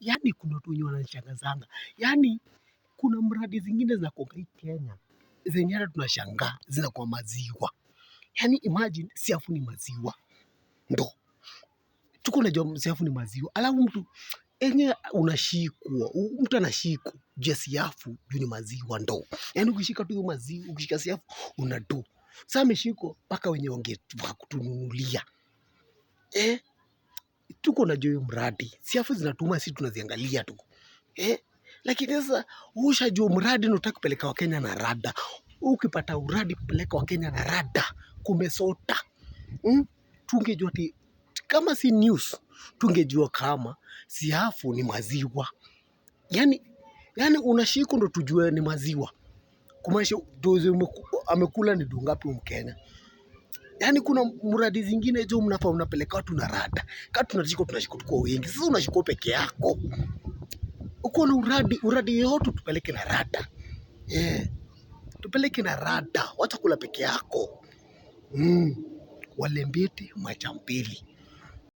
yani kuna watu wenye wananishangazanga. yani kuna mradi zingine zinakuwanga hii Kenya. Zenye hata tunashangaa zinakuwa maziwa. Yaani imagine siafu ni maziwa. Ndo. Tuko najua siafu ni maziwa. Alafu mtu enye unashikwa, mtu anashikwa juu ya siafu juu ni maziwa ndo. yani ukishika tu maziwa, ukishika siafu una do. Sasa ameshikwa mpaka wenye wangefaa kutununulia. Eh, tuko na joyo mradi, siafu zinatuma si tunaziangalia tu eh? Lakini sasa ushajua mradi unataka kupeleka Wakenya na rada, ukipata uradi kupeleka Wakenya na rada kumesota mm? Tungejua ti kama si news, tungejua kama siafu ni maziwa yani, yani unashiku ndo tujue ni maziwa, kumaanisha dozi amekula ni dungapi Mkenya yani kuna mradi zingine jo mnafaa unapeleka watu na rada kama tunashika tunashika tuko wengi sasa unashika peke yako uko na uradi uradi yote tupeleke na rada yeah. tupeleke na rada wacha kula peke yako mm. walembete macha mbili